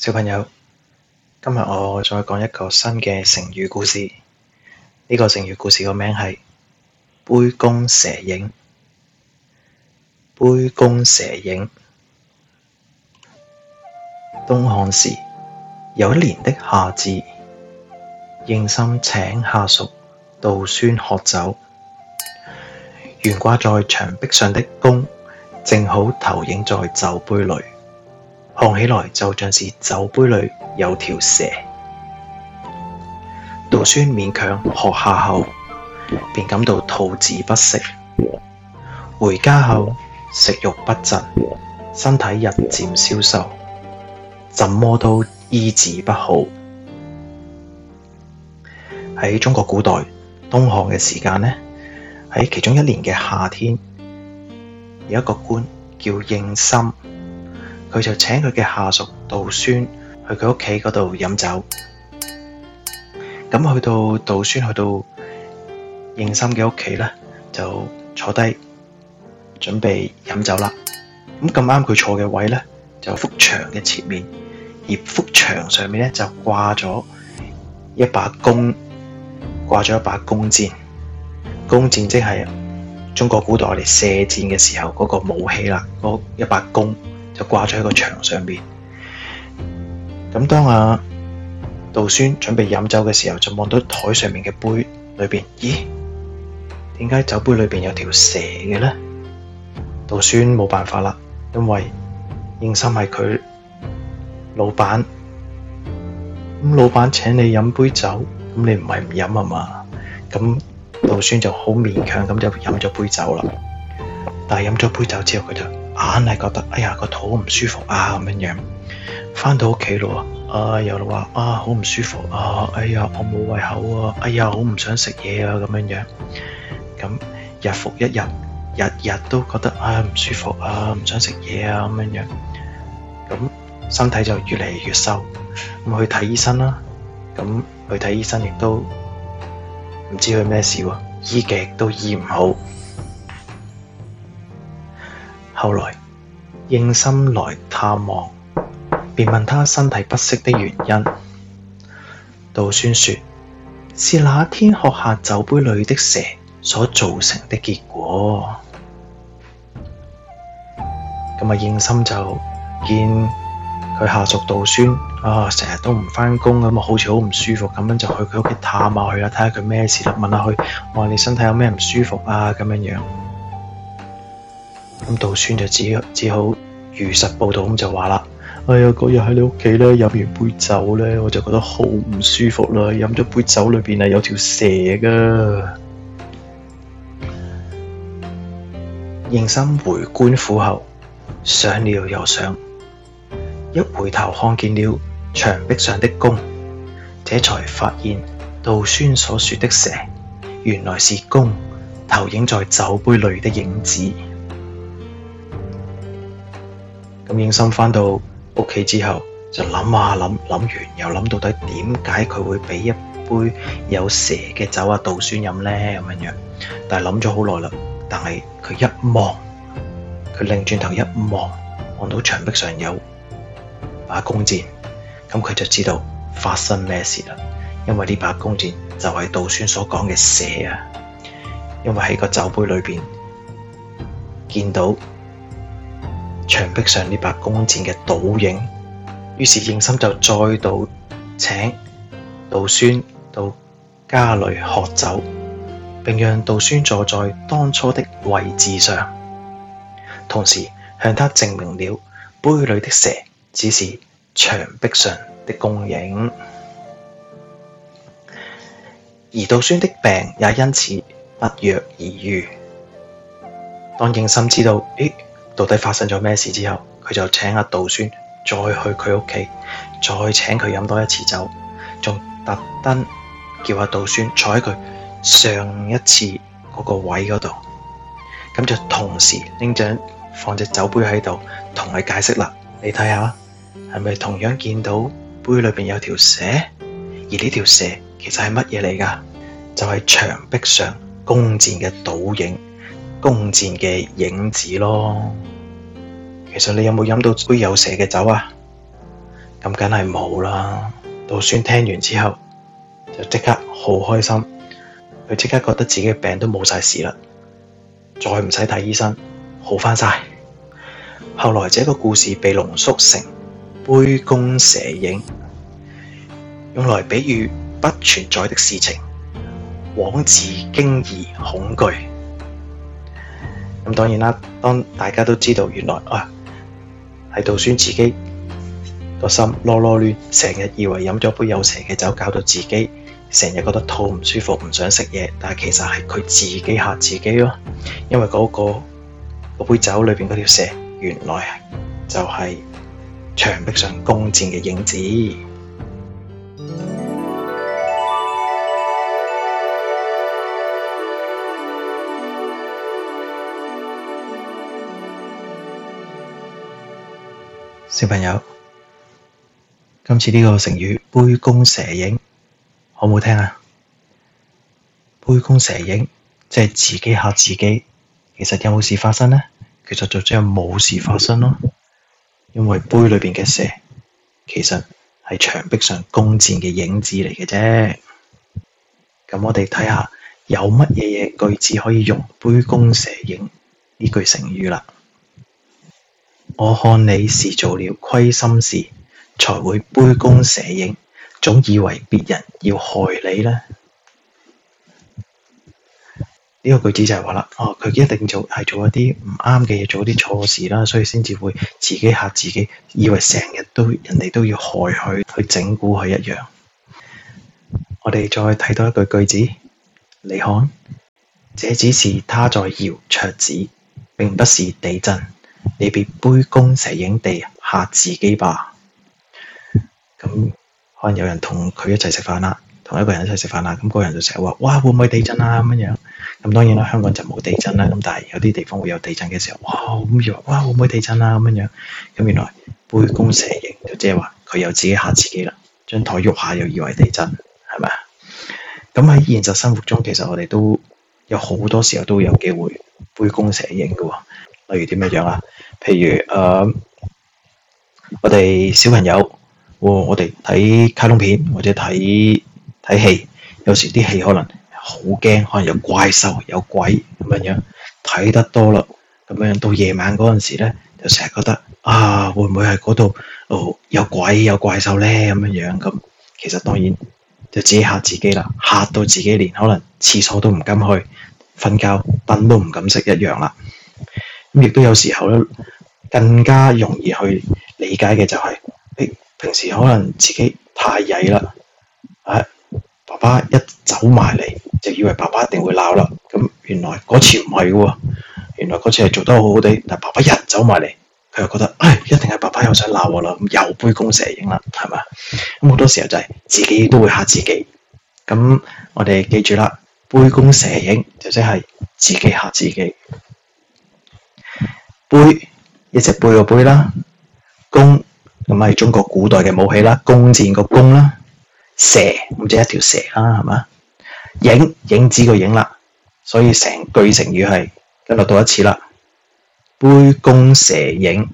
小朋友，今日我再講一個新嘅成語故事。呢、這個成語故事個名係杯弓蛇影。杯弓蛇影。東漢時，有一年的夏至，應心請下屬杜宣喝酒，懸掛在牆壁上的弓，正好投影在酒杯裏。看起來就像是酒杯裏有條蛇。杜宣勉強喝下後，便感到肚子不適。回家後食欲不振，身體日漸消瘦，怎麼都醫治不好。喺中國古代東漢嘅時間呢，喺其中一年嘅夏天，有一個官叫應心。佢就請佢嘅下屬杜宣去佢屋企嗰度飲酒。咁去到杜宣去到應心嘅屋企咧，就坐低準備飲酒啦。咁咁啱佢坐嘅位咧，就幅牆嘅前面，而幅牆上面咧就掛咗一把弓，掛咗一把弓箭。弓箭即係中國古代我哋射箭嘅時候嗰個武器啦，嗰一把弓。就掛咗喺個牆上面。咁當阿杜宣準備飲酒嘅時候，就望到台上面嘅杯裏邊，咦？點解酒杯裏邊有條蛇嘅咧？杜宣冇辦法啦，因為認心係佢老闆。咁老闆請你飲杯酒，咁你唔係唔飲啊嘛？咁杜宣就好勉強咁就飲咗杯酒啦。但係飲咗杯酒之後，佢就硬係覺得哎呀個肚唔舒服啊咁樣樣，翻到屋企咯，啊，又話、哎、啊好唔舒服啊，哎呀我冇胃口啊，哎呀好唔想食嘢啊咁樣樣，咁、嗯、日復一日，日日都覺得、哎、啊，唔舒服啊，唔想食嘢啊咁樣樣，咁、嗯、身體就越嚟越瘦，咁、嗯、去睇醫生啦，咁、嗯、去睇醫生亦、嗯、都唔知佢咩事喎，醫極都醫唔好。後來應心來探望，便問他身體不適的原因。杜宣說：是那天喝下酒杯裏的蛇所造成的結果。咁啊，應心就見佢下屬杜宣啊，成日都唔返工咁啊，好似好唔舒服咁樣，就去佢屋企探下佢啦，睇下佢咩事啦，問下佢，我話你身體有咩唔舒服啊咁樣樣。咁杜宣就只只好如實報道，咁就話啦，哎呀，嗰日喺你屋企咧，飲完杯酒咧，我就覺得好唔舒服啦。飲咗杯酒裏邊啊，有條蛇噶。應郴回官府後，想了又想，一回頭看見了牆壁上的弓，這才發現杜宣所說的蛇，原來是弓投影在酒杯裏的影子。咁應郴返到屋企之後，就諗啊諗，諗完又諗，到底點解佢會俾一杯有蛇嘅酒啊杜宣飲咧，咁樣，但係諗咗好耐啦。但係佢一望，佢擰轉頭一望，望到牆壁上有把弓箭，咁佢就知道發生咩事啦。因為呢把弓箭就係杜宣所講嘅蛇啊，因為喺個酒杯裡面，見到。牆壁上呢把弓箭嘅倒影，於是應心就再度請杜宣到家裏喝酒，並讓杜宣坐在當初的位置上，同時向他證明了杯裏的蛇只是牆壁上的弓影，而杜宣的病也因此不藥而愈。當應心知道，誒。到底發生咗咩事之後，佢就請阿杜宣再去佢屋企，再請佢飲多一次酒，仲特登叫阿杜宣坐喺佢上一次嗰個位嗰度，咁就同時拎着放隻酒杯喺度，同佢解釋啦。你睇下，係咪同樣見到杯裏面有條蛇？而呢條蛇其實係乜嘢嚟㗎？就係、是、牆壁上弓箭嘅倒影。弓箭嘅影子咯，其實你有冇飲到杯有蛇嘅酒啊？咁梗係冇啦。杜宣聽完之後就即刻好開心，佢即刻覺得自己嘅病都冇晒事啦，再唔使睇醫生，好翻晒。後來這個故事被濃縮成杯弓蛇影，用來比喻不存在的事情，枉自驚疑恐懼。咁當然啦，當大家都知道原來啊，係杜孫自己個心囉囉攣，成日以為飲咗杯有蛇嘅酒，搞到自己成日覺得肚唔舒服，唔想食嘢，但係其實係佢自己嚇自己咯，因為嗰、嗰個杯酒裏邊嗰條蛇，原來就係牆壁上弓箭嘅影子。小朋友，今次呢個成語杯弓蛇影，好唔好聽啊？杯弓蛇影即係自己嚇自己，其實有冇事發生呢？其實就真係冇事發生咯，因為杯裏面嘅蛇其實係牆壁上弓箭嘅影子嚟嘅啫。咁我哋睇下有乜嘢嘢句子可以用杯弓蛇影呢句成語啦。我看你是做了虧心事，才會杯弓蛇影，總以為別人要害你呢。呢、呢個句子就係話啦，哦，佢一定做係做一啲唔啱嘅嘢，做啲錯事啦，所以先至會自己嚇自己，以為成日都人哋都要害佢，去整蠱佢一樣。我哋再睇多一句句子，你看，這只是他在搖桌子，並不是地震。你別杯弓蛇影地吓自己吧。咁可能有人同佢一齊食飯啦，同一個人一齊食飯啦，咁嗰個人就成日話：哇，會唔會地震啊？咁樣樣。咁當然啦，香港就冇地震啦。咁但係有啲地方會有地震嘅時候，哇，咁以為，哇，會唔會地震啊？咁樣樣。咁原來杯弓蛇影，就即係話佢又自己吓自己啦。張台喐下又以為地震，係咪啊？咁喺現實生活中，其實我哋都有好多時候都有機會杯弓蛇影嘅。例如點咩樣啊？譬如誒、呃，我哋小朋友，哦、我哋睇卡通片或者睇睇戲，有時啲戲可能好驚，可能有怪獸、有鬼咁樣樣，睇得多啦，咁樣到夜晚嗰陣時咧，就成日覺得啊，會唔會係嗰度哦有鬼有怪獸咧？咁樣樣咁，其實當然就自己嚇自己啦，嚇到自己連可能廁所都唔敢去，瞓覺瞓都唔敢食一樣啦。亦都有時候咧，更加容易去理解嘅就係，平時可能自己太曳啦，啊，爸爸一走埋嚟就以為爸爸一定會鬧啦，咁原來嗰次唔係喎，原來嗰次係做得好好地，但爸爸一走埋嚟，佢又覺得，唉，哎，一定係爸爸又想鬧我啦，咁又杯弓蛇影啦，係嘛？咁好多時候就係自己都會嚇自己，咁我哋記住啦，杯弓蛇影就即係自己嚇自己。杯，一隻杯個杯啦，弓，咁係中國古代嘅武器啦，弓箭個弓啦，蛇，咁即係一條蛇啦，係嘛，影，影子個影啦，所以成句成語係，跟住到一次啦，杯弓蛇影。